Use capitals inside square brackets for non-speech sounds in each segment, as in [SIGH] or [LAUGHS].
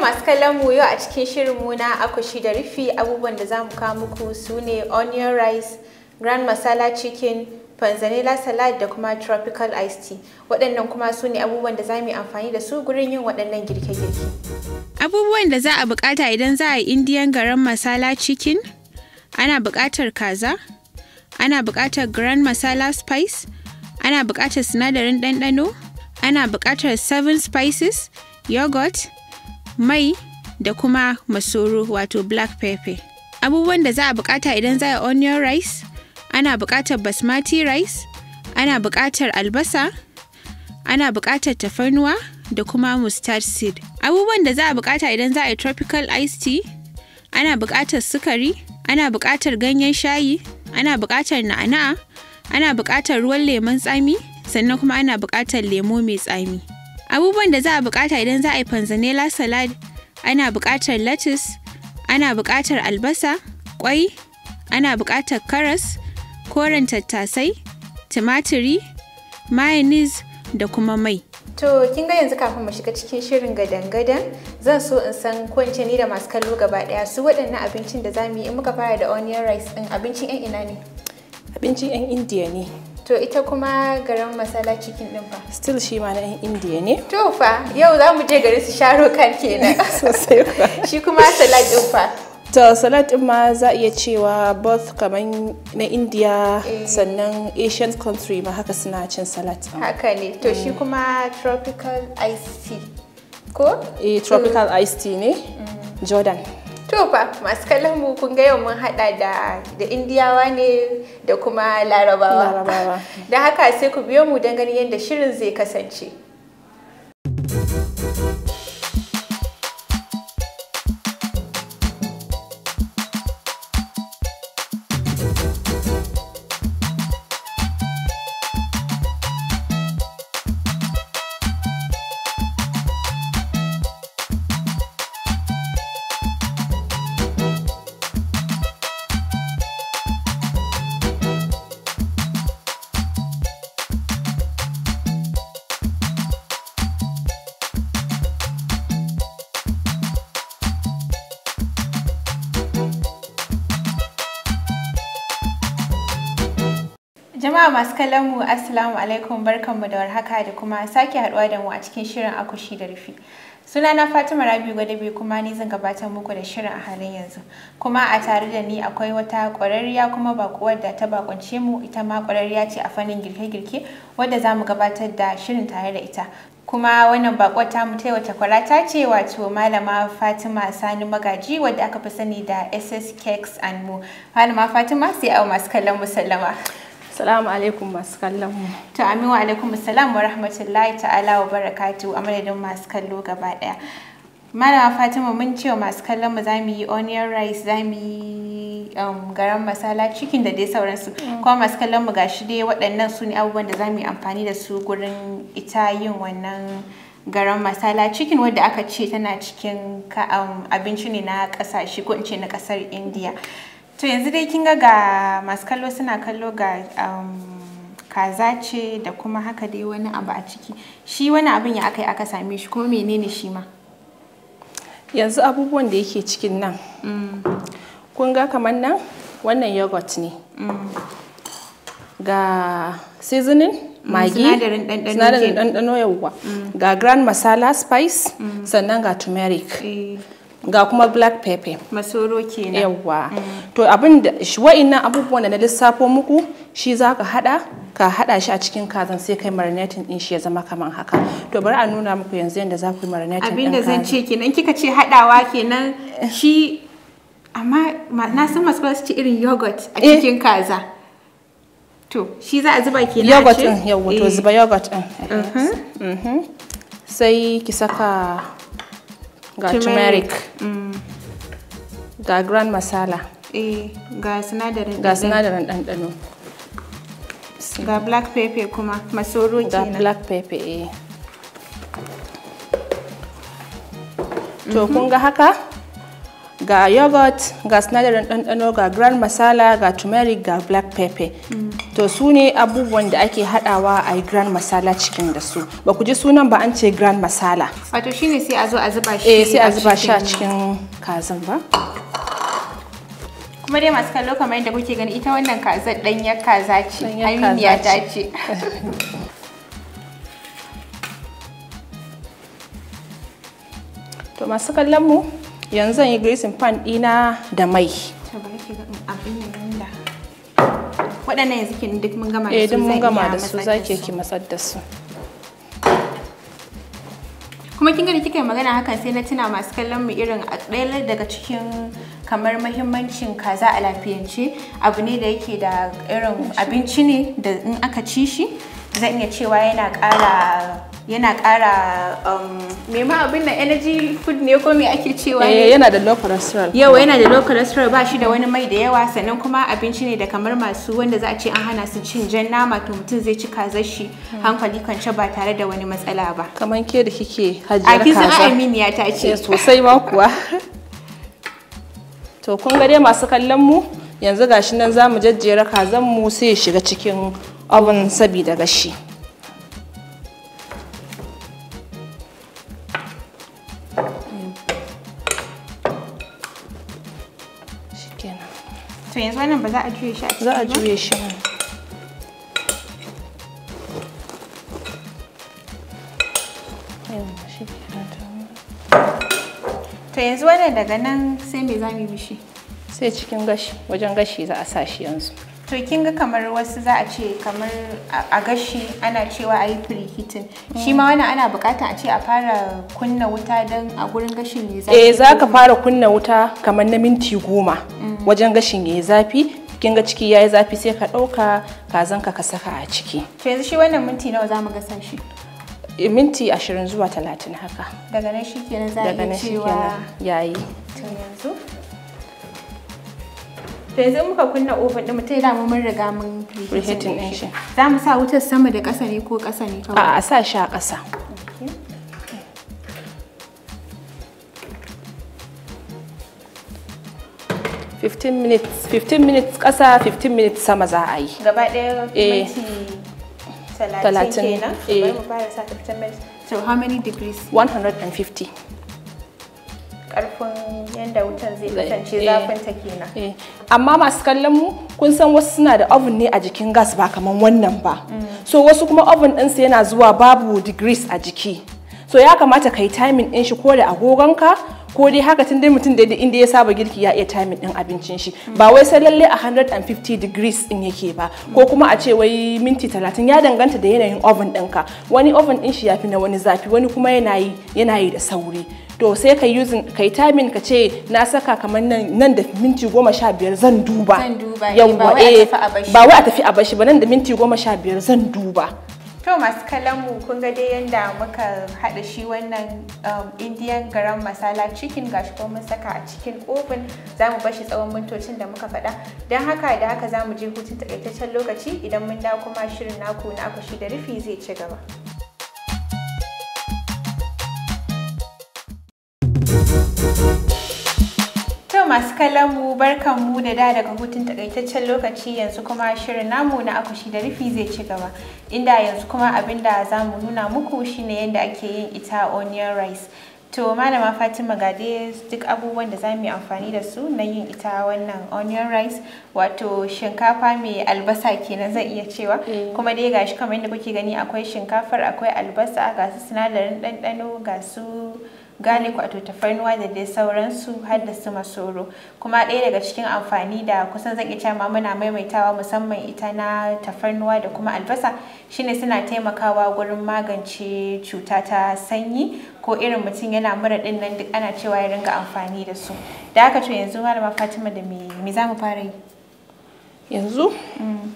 masu kallon mu yau a cikin shirin mu na shi da rufi abubuwan da zamu kawo muku su ne onion rice, grand masala chicken, panzanella salad da kuma tropical iced tea. Waɗannan kuma su ne abubuwan da za mu yi amfani da su gurin yin waɗannan girke-girke. Abubuwan da za a buƙata idan za a yi indiyan garan masala chicken, ana buƙatar kaza, ana buƙatar grand masala spice, ana buƙatar sinadarin ɗanɗano, ana buƙatar 7 spices yogurt mai da kuma masoro wato black pepper abubuwan da za a buƙata idan za a onion rice ana buƙatar basmati rice ana buƙatar albasa ana buƙatar tafarnuwa da kuma mustard seed abubuwan da za a buƙata idan za a yi tropical iced tea ana buƙatar sukari ana buƙatar ganyen shayi ana buƙatar na'ana ana buƙatar ruwan lemon tsami sannan kuma ana buƙatar lemo mai tsami. Abubuwan da za a buƙata idan za a yi panzanella salad ana buƙatar lettuce, ana buƙatar albasa, ƙwai, ana buƙatar karas, koren tattasai, tumatiri, mayonnaise da kuma mai. To kin ga yanzu kafin mu shiga cikin shirin gadan-gadan zan so in san kwance ni da masu kallo gaba ɗaya su waɗannan abincin da za mu yi in muka fara da onion rice din abincin 'yan ina ne? Abincin 'yan Indiya ne. To ita kuma garin masala cikin din fa? Still shi ma na indiya ne. To fa yau za mu je gari su sharo kan kenan. [LAUGHS] Sosai fa. Shi kuma salad din fa? To salad din ma za iya cewa both kaman na indiya eh. sannan Asian country ma haka suna cin salad. Haka ne. To shi mm. kuma tropical iced tea. Ko? Eh tropical iced tea ne. Mm. Jordan. To fa masu kallon mu kun ga yau mun haɗa da da Indiyawa ne da kuma Larabawa. [LAUGHS] Da haka sai ku biyo mu don ganin yadda shirin zai kasance. Jama'a masu kallon mu Assalamu alaikum barkanmu da warhaka da kuma sake haduwa da mu a cikin shirin akushi da rufi. Sunana Fatima Rabi Gwadabe kuma ni zan gabatar muku da shirin a halin yanzu. Kuma a tare da ni akwai wata ƙwararriya kuma bakuwar da ta bakunce mu ita ma ƙwararriya ce a fannin girke-girke wadda za mu gabatar da shirin tare da ita. kuma wannan bakuwar ta mu taiwa takwara ta ce wato malama fatima sani magaji wadda aka fi sani da ss cakes and mo malama fatima sai a masu kallon musallama Salamu alaikum masu kallon mu. To amin wa alaikum salam wa rahmatullahi ta'ala wa barakatu a madadin masu kallo gaba daya. Malama Fatima mun ce wa masu kallon mu zamu yi onion rice zamu yi um, garan masala chicken da dai sauransu. Mm. Kuma masu kallon mu gashi dai waɗannan su ne abubuwan da zamu yi amfani da su gurin ita yin wannan garan masala chicken wadda aka ce tana cikin um, abinci ne na ƙasashe ko in ce na ƙasar India. to yanzu dai kin ga ga masu kallo suna kallo ga um, kaza ce da kuma haka dai wani abu a ciki shi wani abin ya aka yi aka same shi kuma menene shi ma yanzu abubuwan da yake cikin nan mm. kun ga kamar nan wannan yogurt ne mm. ga seasoning mm, magi sinadarin ɗanɗano yawwa ga grand masala spice sannan ga turmeric eh. ga kuma black pepper masoro kenan yawa mm. to abin da wa'annan abubuwan da na lissafo muku shi za ka hada ka hada shi a cikin kazan sai kai marinating din shi ya zama kaman haka to bari a nuna muku yanzu yadda za ku yi marinating abin da zan ce kenan kika ce hadawa kenan shi amma na san masu su ci irin yogurt a eh. cikin kaza to shi za a zuba kenan yogurt din yawa to zuba eh. yogurt din uh-huh. mm-hmm. sai ki saka ga turmeric mm. ga grand masala eh ga sinadarin ga sinadarin ɗanɗano ga black pepper kuma maso kenan ga black pepper eh to mhm. kun ga haka ga yogurt ga sinadarin ɗanɗano ga grand masala ga turmeric ga black pepper to su ne abubuwan da ake haɗawa a yi grand masala cikin da su ba ku ji sunan ba an ce grand masala wato shine sai a zo a zuba shi eh, sai a zuba shi a cikin kazan ba kuma dai masu kallo kamar yadda kuke gani ita wannan kazan ɗanyar kaza ce aminiya ya dace. [LAUGHS] to masu kallon mu yanzu zan yi greasing pan ɗina da mai waɗannan yanzu ke duk mun gama da eh, su zai mun gama da kuma kin gani kika magana hakan sai na tuna masu kallon mu irin a ɗaya daga cikin kamar mahimmancin kaza a lafiyance abu ne da yake da irin abinci ne da in aka ci shi zan iya cewa yana ƙara yana ƙara um, ma abin na energy food ne ko me ake cewa ne eh, yana da low cholesterol yawa yana da low cholesterol ba shi da wani mai da yawa sannan kuma abinci ne da kamar masu wanda za a ce an hana su cin jan nama to mutum zai ci kazar shi hmm. hankali kwance ba tare da wani matsala ba kamar ke da kike hajiyar kaza a kisan aminiya ta ce eh, sosai ma kuwa to kun ga dai masu kallon mu yanzu gashi nan za mu jajjera kazan mu sai ya shiga cikin abin sabida gashi To yanzu wannan ba za a juye shi a Za a juye shi. To yanzu wannan daga nan sai me za mu mishi? Sai cikin gashi, wajen gashi za a sa shi yanzu. To kin ga kamar wasu za a ce kamar a gashi ana cewa a yi preheating. Shi ma wannan ana bukata a ce a fara kunna wuta don a gurin gashin ne za Eh za ka fara kunna wuta kamar na minti goma. wajen gashin yayi zafi kin ga ciki yayi zafi sai ka ɗauka kazan ka ka saka a ciki to yanzu shi wannan minti nawa zamu gasa shi eh, minti 20 zuwa 30 haka daga nan shikenan za a cewa yayi to yanzu to yanzu muka kunna oven din mutai da mu mun riga mun preheating din shi za mu sa wutar sama da ƙasa ne ko ƙasa ne kawai a sa shi a ƙasa 15 minutes 15 minutes kasa 15 minutes sama za a yi gaba ɗaya eh talatin kenan eh mu fara sa 15 minutes so how many degrees 150 karfin yadda wutan zai kasance eh, zafin ta kenan eh. amma masu kallon mu kun san wasu suna da oven ne a jikin gas ba kaman wannan ba mm. so wasu kuma oven ɗinsa yana zuwa babu degrees a jiki so ya kamata ka yi timing ɗin shi ko da agogonka ko dai haka tun dai mutum da inda ya saba girki ya iya timing din abincin shi ba wai sai lalle a 150 degrees din yake ba ko kuma a ce wai minti 30 ya danganta da yanayin oven ɗinka wani oven din shi yafi na wani zafi wani kuma yana yi yana da sauri to sai ka using kai timing ka ce na saka kamar nan da minti goma sha biyar zan duba zan duba eh, eh, ba wai a tafi a bashi ba nan da minti goma sha biyar zan duba To masu mu kun ga dai yadda muka haɗa shi wannan um, Indian garam masala chicken shi kuma mun saka a cikin oven za mu bashi tsawon mintocin da muka faɗa. Don haka da haka za mu je hutun takaitaccen lokaci idan mun dawo kuma shirin naku na akushi da rufi zai ci gaba. masu kallon mu barkan mu da da daga hutun takaitaccen lokaci yanzu kuma shirin namu na akushi da rufi zai ci gaba inda yanzu kuma abin da za mu nuna muku shine yadda ake yin ita onion rice to malama fatima ga duk abubuwan da za mu yi amfani da su na yin ita wannan onion rice wato shinkafa mai albasa kenan zan iya cewa eh. kuma dai gashi kamar yadda kuke gani akwai shinkafar akwai albasa ga su sinadarin ɗanɗano ga su garlic wato tafarnuwa da dai sauransu har da su masoro kuma ɗaya daga cikin amfani da kusan zan iya cewa muna maimaitawa musamman ita na tafarnuwa da kuma albasa shine suna taimakawa gurin magance cuta ta sanyi ko irin mutum yana mura ɗin nan duk ana cewa ya ringa amfani da su da haka to yanzu malama fatima da me za mu fara yi yanzu mm.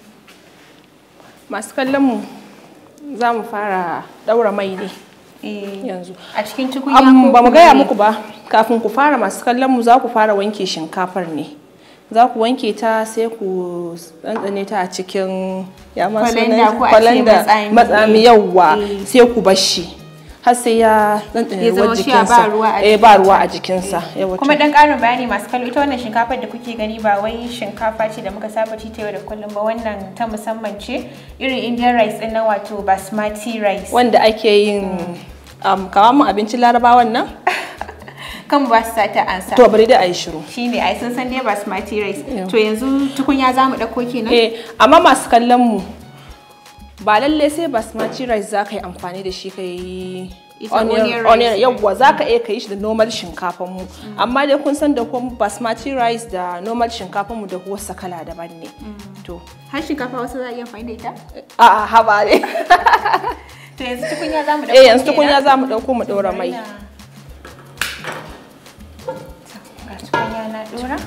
masu kallon mu za mu fara ɗaura mai ne Eh, yanzu a cikin tukunya ba mu gaya muku ba kafin ku fara masu kallon mu za ku fara wanke shinkafar ne za ku wanke ta sai ku tsantsane ta a cikin ya ma sunan kwalanda matsami yawwa eh. sai ku shi har sai ya zama shi eh, ba ruwa a jikinsa eh. kuma dan karin bayani masu kallo ita wannan shinkafar da kuke gani ba wai shinkafa ce da muka saba ci ta yau da kullum ba wannan ta musamman ce irin indian rice din nan wato basmati rice wanda ake yin kawamin abincin larabawan nan [LAUGHS] kan ba su sata ansa. To bari dai a yi shiru. Shi ne ai sun san dai basmati rice. To yanzu tukunya za mu ɗauko kenan. Eh amma masu kallon mu ba lalle sai basmati rice za ka yi amfani da shi ka yi onion yawwa za ka iya ka yi shi da normal shinkafan mu mm. amma dai kun san da kuma basmati rice da normal shinkafan mu da wasa kala daban ne mm. to har shinkafa wasu za a iya amfani da ita eh, a'a haba ne [LAUGHS] to yanzu tukunya za mu dauko eh yanzu tukunya za mu dauko mu dora mai tukunya na dora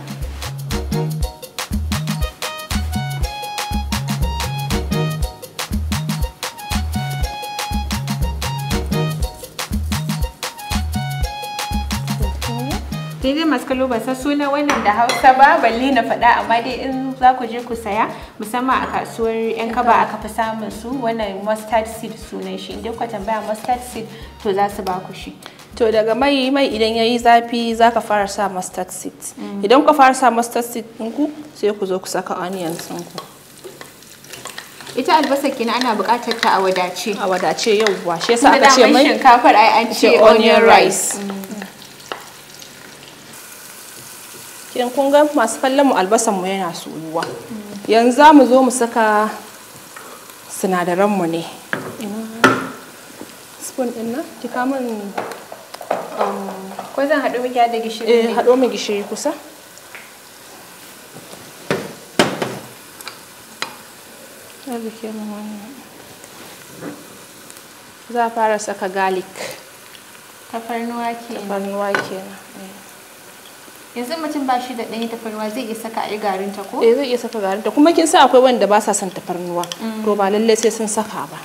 daidai masu kallo ba san sunan wannan da Hausa ba balle na faɗa amma dai in za ku je ku saya musamman a kasuwar 'yan kaba aka fi samun su wannan mustard seed sunan shi inda ku tambaya mustard seed to za su ba ku shi. To daga mai mai idan yayi zafi za ka fara sa mustard seed. Mm. Idan ku fara sa mustard seed ku sai ku zo ku saka onions ku ita albasa kenan ana buƙatar ta a wadace a wadace yauwa shi yasa aka ce mai shinkafar ai an ce onion rice mm. kin kun ga masu kallon mu albasan mu yana soyuwa yanzu za mu zo mu saka sinadaran mu ne spoon din nan ki ka min um, ko zan hado miki da gishiri eh hado min gishiri kusa za a fara saka garlic tafarnuwa kenan tafarnuwa kenan eh. yanzu mutum ba shi da ɗanyen tafarnuwa zai iya saka a garin ta ko? Eh, zai iya saka garin kuma kin sa akwai wanda ba sa son tafarnuwa mm. to ba lallai sai sun saka ba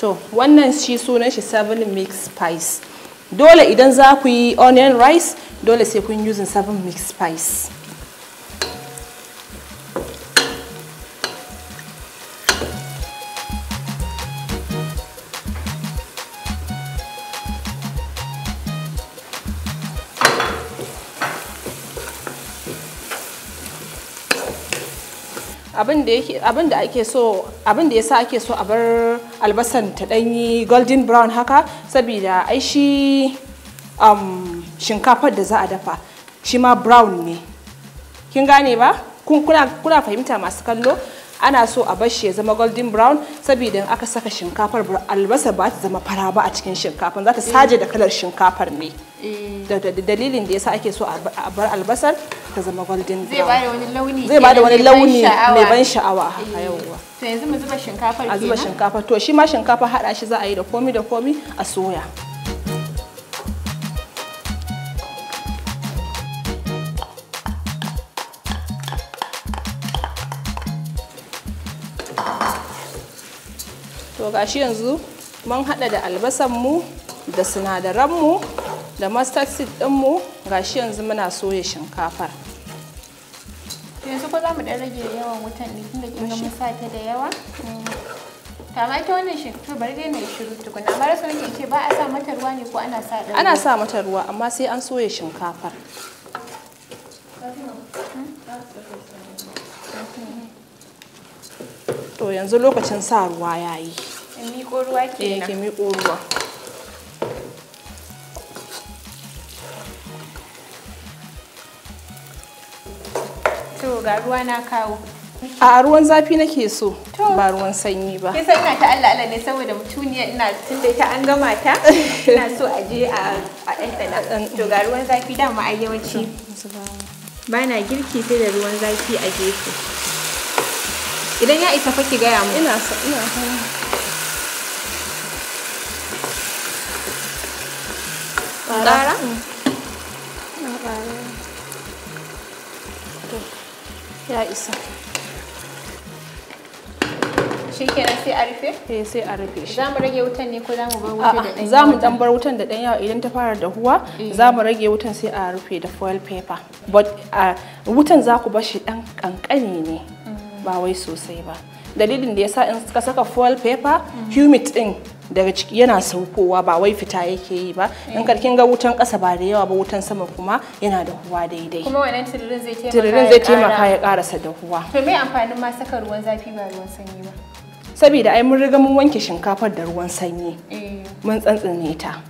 to wannan shi sunan shi seven mix spice dole idan za ku yi onion rice dole sai kun using seven mix spice abin da ake so abin da yasa ake so a bar albasan ta danyi golden brown haka saboda ai shi um, shinkafar da za a dafa shi ma brown ne kin gane ba kuna fahimta masu kallo ana so a bashi ya zama golden brown saboda aka saka shinkafar albasa ba ta zama fara ba a cikin shinkafar za ta saje da kalar shinkafar ne eh. da dalilin da yasa ake so a bar albasar ta zama golden brown zai ba da wani launi mai ban sha'awa haka eh. yauwa to yanzu mu zuba shinkafar a zuba shinkafar to shi ma shinkafar hada shi za a yi da komi da komi a soya gashi yanzu mun haɗa da albasan mu da sinadaran mu da mustard seed ɗin mu gashi yanzu muna soya shinkafar yanzu ko za mu ɗan rage yawan wutan ne tunda kin ga mun sa ta da yawa kama mm. ita wannan shinkafar bari dai na shiru tukuna amma rasa nake ce ba a sa mata ruwa ne ko ana sa ɗan ana sa mata ruwa amma sai an soya shinkafar to yanzu lokacin sa ruwa yayi in eh, miƙo ruwa to ga ruwa na kawo a ruwan zafi nake so ba ruwan sanyi ba kisa ina ta Allah Allah ne saboda mutuniya ina tun ta an gama ta [LAUGHS] ina so a je a ɗanɗana to ga ruwan zafi dama ai yawanci ba na girki sai da ruwan zafi a gefe idan ya isa fa ki gaya mu ina so ina ƙara ya isa shi kenan sai a rufe? eh sai a rufe shi za mu rage wutan ne ko za mu bar wutan da ɗan za mu dan bar wutan da ɗan yawa idan ta fara dahuwa eh. za mu rage wutan sai a rufe da foil paper but wutan za ku bar shi ɗan ƙanƙani ne mm. ba wai sosai ba dalilin da ya sa in ka saka foil paper mm. humid ɗin daga ciki yana saukowa ba wai fita yake yi ba in karkin ga wutan ƙasa ba da yawa ba wutan sama kuma yana da huwa daidai kuma wannan tururin zai taimaka tururin zai taimaka ya karasa da huwa to me amfanin ma saka ruwan zafi ba ruwan sanyi ba saboda ai mun riga mun wanke shinkafar da ruwan sanyi eh. mun tsantsine ta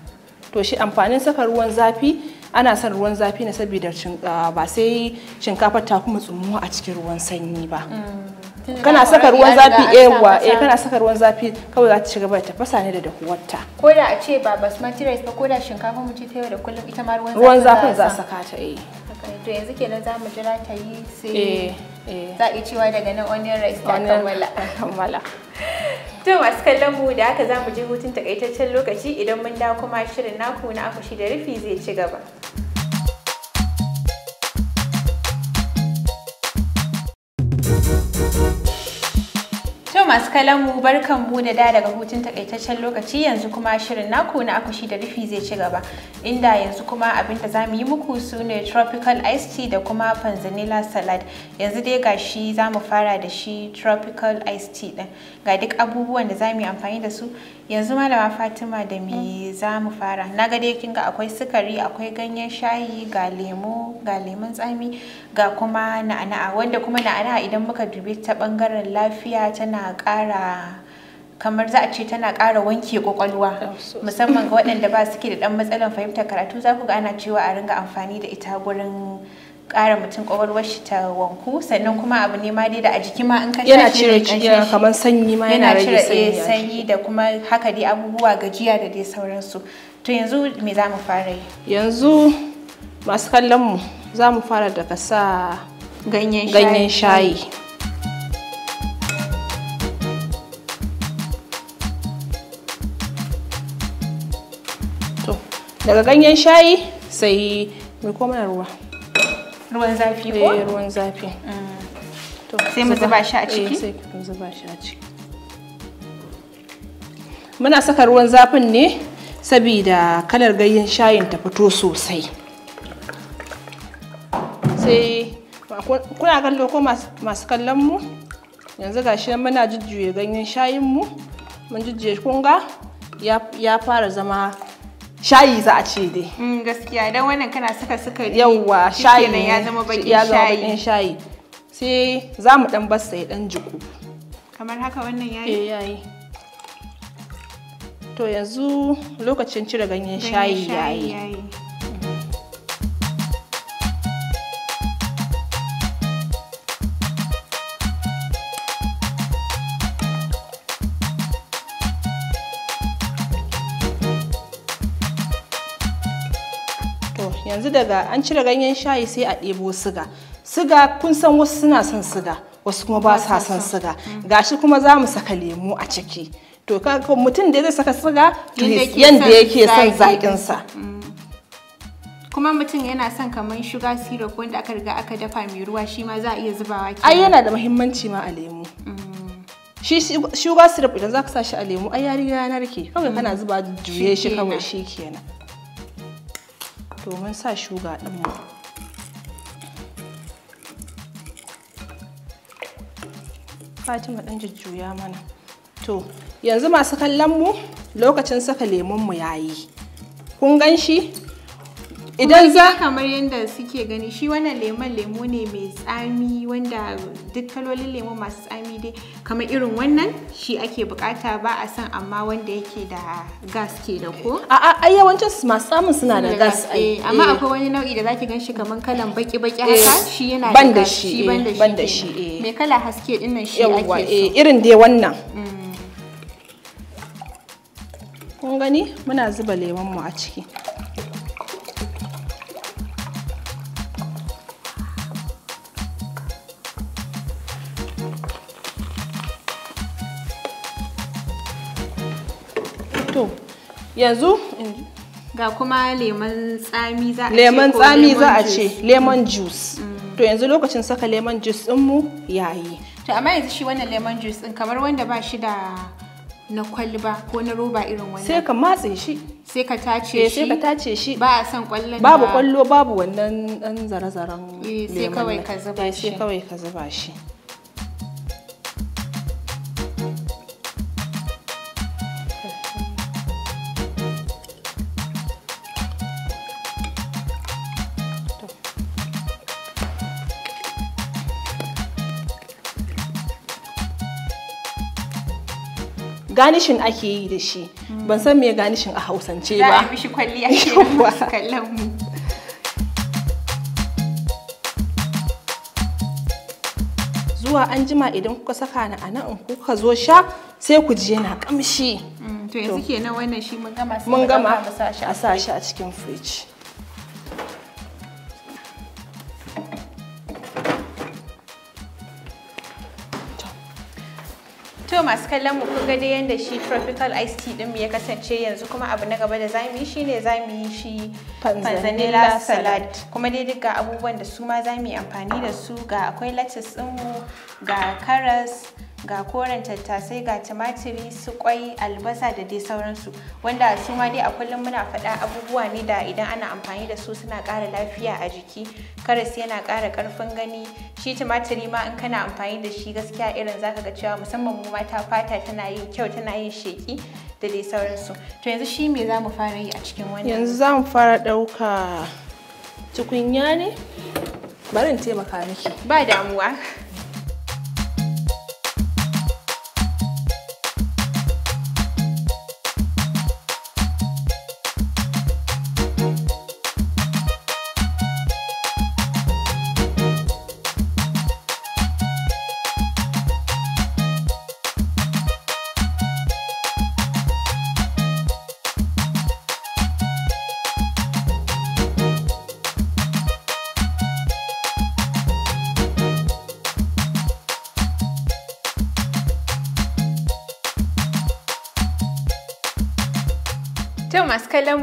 to shi amfanin saka ruwan zafi ana son ruwan zafi ne saboda ah, ba sai shinkafar ta kuma tsumuwa a cikin ruwan sanyi ba mm. kana saka ruwan zafi yawa eh kana saka ruwan zafi kawai za ta shiga bai tafasa ne da dahuwarta ko da a ce ba basmati rice ba ko da shinkafa mu ci ta yau da kullum ita ma ruwan zafi ruwan zafin za saka ta eh to yanzu kenan za mu jira ta yi sai eh, eh. za a yi cewa daga nan onion rice ta kammala kammala [LAUGHS] To masu kallon mu da haka za mu je hutun takaitaccen lokaci idan mun da kuma shirin naku na akushi da rufi zai ci gaba. masu kalan mu barkan mu da da daga hutun takaitaccen lokaci yanzu kuma shirin naku na akushi da rufi zai ci gaba inda yanzu kuma abin da zamu yi muku su ne tropical ice tea da kuma panzanilla salad yanzu dai gashi zamu fara da shi tropical ice tea din ga duk abubuwan da zamu yi amfani da su yanzu malama fatima da me mm. za mu fara na ga dai kin ga akwai sukari akwai ganyen shayi ga lemo ga lemun tsami ga kuma na'ana'a wanda kuma na'ana'a idan muka dubi ta bangaren lafiya tana ƙara kamar za a ce tana ƙara wanke ƙwaƙwalwa oh, musamman ga waɗanda ba suke da ɗan matsalar fahimtar karatu za ku ga ana cewa a ringa amfani da ita gurin kara mutum kwakwalwar shi ta wanku sannan kuma abu ne ma dai da a jiki ma in ka yana cire ciki kamar sanyi ma yana rage eh, sanyi yana cire sanyi da kuma haka dai abubuwa gajiya da dai sauransu to yanzu me za mu fara yi yanzu masu kallon mu za mu fara daga sa ganyen shayi daga ganyen shayi sai mai koma ruwa ruwan zafi eh, ruwan zafi mm. sai mu zuba shi a ciki eh, sai mu zuba shi a ciki muna saka ruwan zafin ne saboda kalar ganyen shayin ta fito sosai sai kuna kallo ko masu kallon mu yanzu gashi muna jujjuye ganyen shayin mu mun jujjuye kunga ya fara zama shayi za a ce dai mm, gaskiya idan wannan kana saka ne. yawwa shayi ne ya zama bakin shayi sai za mu dan basta ya dan jiku kamar haka wannan yayi eh yayi to yanzu lokacin cire ganyen shayi yayi yanzu daga an cire ganyen shayi sai a ɗebo siga siga kun san wasu suna son siga wasu kuma ba sa son siga gashi kuma za mu saka lemu a ciki to mutum da zai saka siga yadda yake son zaƙinsa mm. kuma mutum yana son kamar shuga syrup wanda aka riga aka dafa mai ruwa shi ma za a iya zubawa ai yana da muhimmanci ma a lemu mm. shi shuga syrup idan za ka sa shi a lemu ai ya riga ya narke kawai mm. kana zuba juye shi kawai shi kenan to mun sa shuga ɗinmu fatima ɗan jujjuya mana to yanzu masu kallon mu lokacin saka mu yayi kun gan shi idan za kamar yadda suke gani shi wannan lemon lemo ne mai tsami wanda duk kalolin lemo masu tsami dai kamar irin wannan shi ake bukata ba a san amma wanda yake da gas ke da ko a a yawancin masu tsamin suna da gas eh, amma eh. akwai wani nau'i da zaki gan shi kamar kalan baki baki eh, haka shi yana da gas shi ban da shi mai kala haske dinnan shi ake so irin dai wannan mm. kun gani muna zuba lemon mu a ciki yanzu mm. ga kuma lemon tsami za a ce lemon tsami za a ce lemon juice mm. to yanzu lokacin saka lemon juice din mu yayi to amma yanzu shi wannan lemon juice din kamar wanda ba shi da na kwalba ko na roba irin wannan sai ka matse shi sai ka tace eh, shi sai ka tace shi ba a son kwallon babu kwallo babu wannan dan zare-zaren eh, lemon eh, sai kawai ka zuba shi sai kawai ka zuba shi ganishin ake yi da shi ban san me ganishin a hausance ba za a mishi kwalliya ke kallon mu zuwa an jima idan kuka saka ni a nan in kuka zo sha sai ku ji yana kamshi mm, to yanzu kenan wannan shi mun gama mun gama a sa shi a cikin fridge to masu kallon mu kuka dai yanda shi tropical ice tea din mu ya kasance yanzu kuma abu na gaba da zamu yi shine zamu yi shi panzanella salad kuma dai duka ga abubuwan da su ma zamu yi amfani da su ga akwai lettuce din mu ga karas ga koren tattasai ga tumatiri su kwai albasa da dai sauransu wanda su ma dai a kullum muna faɗa abubuwa ne da idan ana amfani da su suna ƙara lafiya a jiki karas yana ƙara ƙarfin gani shi tumatiri ma in kana amfani da shi gaskiya irin zaka ga cewa musamman mu mata fata tana yin kyau tana yin sheki da dai sauransu to yanzu shi me za fara yi a cikin wannan yanzu za fara ɗauka tukunya ne bari in taimaka miki ba damuwa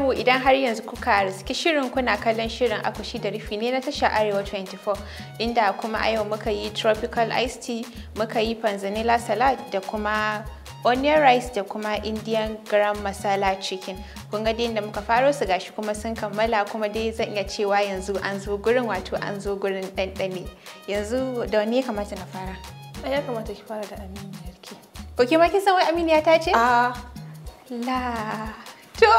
mu idan har yanzu kuka riski shirin kuna kallon shirin akushi da rufi ne na tashar Arewa 24 inda kuma a yau muka yi tropical iced tea, muka yi panzanilla salad da kuma onion rice da kuma indian gram masala chicken kun ga da muka faro su gashi kuma sun kammala kuma dai zan iya cewa yanzu an zo gurin wato an zo gurin ɗanɗane yanzu da wani ya kamata na fara ya kamata ki fara da aminiyarki ok ma kin san wai aminiya ta ce a ah. la To,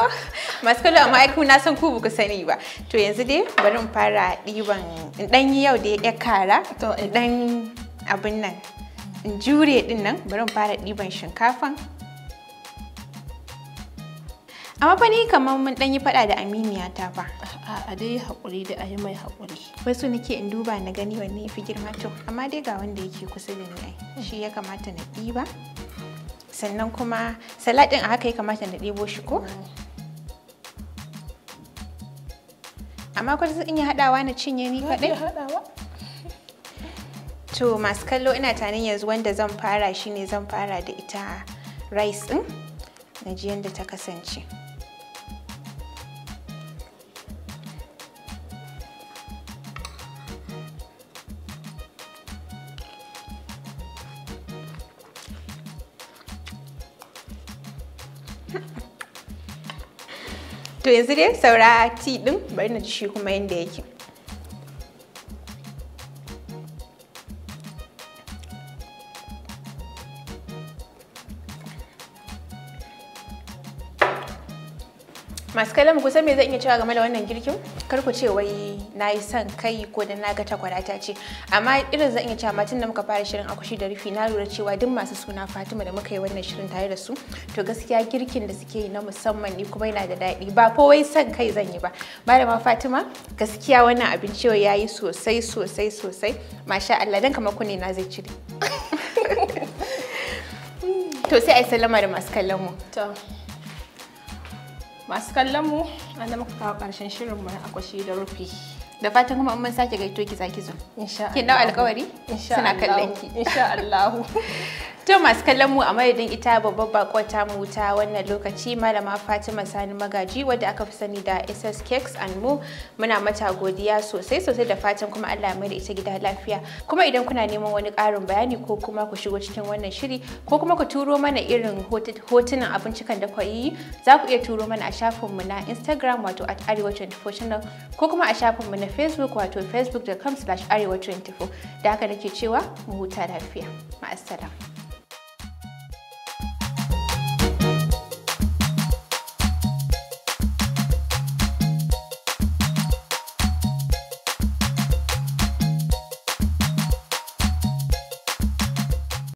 masu kallon amma na san ku ba sani ba. To yanzu dai bari in fara ɗiban in ɗan yi yau da ya kara, in ɗan abin nan. In jure ɗin nan bari in fara ɗiban shinkafan. amma fa ni kamar mun dan yi fada da aminiya ta fa a dai hakuri da yi mai hakuri wai so nake in duba na gani wanne yafi girma to amma dai ga wanda yake kusa da ni ai shi ya kamata na ɗiba sannan kuma salad a haka ya kamata da ɗebo shi ko amma kwa zan iya haɗawa na cinye ni kaɗai to masu kallo ina tanin yanzu wanda zan fara shine zan fara da ita rice din na ji yadda ta kasance to yanzu dai saura ci din bari na ji shi kuma yanda yake masu kallon kusan me zan iya cewa game da wannan girkin kar ku ce wai na yi son kai ko da na ga takwarata ce amma irin zan iya cewa matan da muka fara shirin akushi da rufi na lura cewa duk masu suna fatima da muka yi wannan shirin tare da su to gaskiya girkin da suke yi na musamman ne kuma yana da daɗi ba ko wai son kai zan yi ba malama fatima gaskiya wannan abinci ya yi sosai sosai sosai masha allah dan kama kune na zai cire [LAUGHS] to sai a yi sallama da masu kallon mu masu kallon mu an muka kawo karshen shirin mu na akwashi da rufi da fatan kuma mun sake gaito ki zaki zo insha Allah kin dau alƙawari insha Allah insha Allah [LAUGHS] To masu kallon mu a madadin ita babbar bakon ta mu ta wannan lokaci malama Fatima Sani Magaji wadda aka fi sani da SS Cakes and mu muna mata godiya sosai sosai da fatan kuma Allah mai da ita gida lafiya. Kuma idan kuna neman wani karin bayani ko kuma ku shigo cikin wannan shiri ko kuma ku turo mana irin hotunan abincikan da ku yi za ku iya turo mana a shafin mu na Instagram wato at arewa24 channel ko kuma a shafin mu na Facebook wato facebook.com/arewa24 da haka nake cewa mu huta lafiya. Ma'assalam.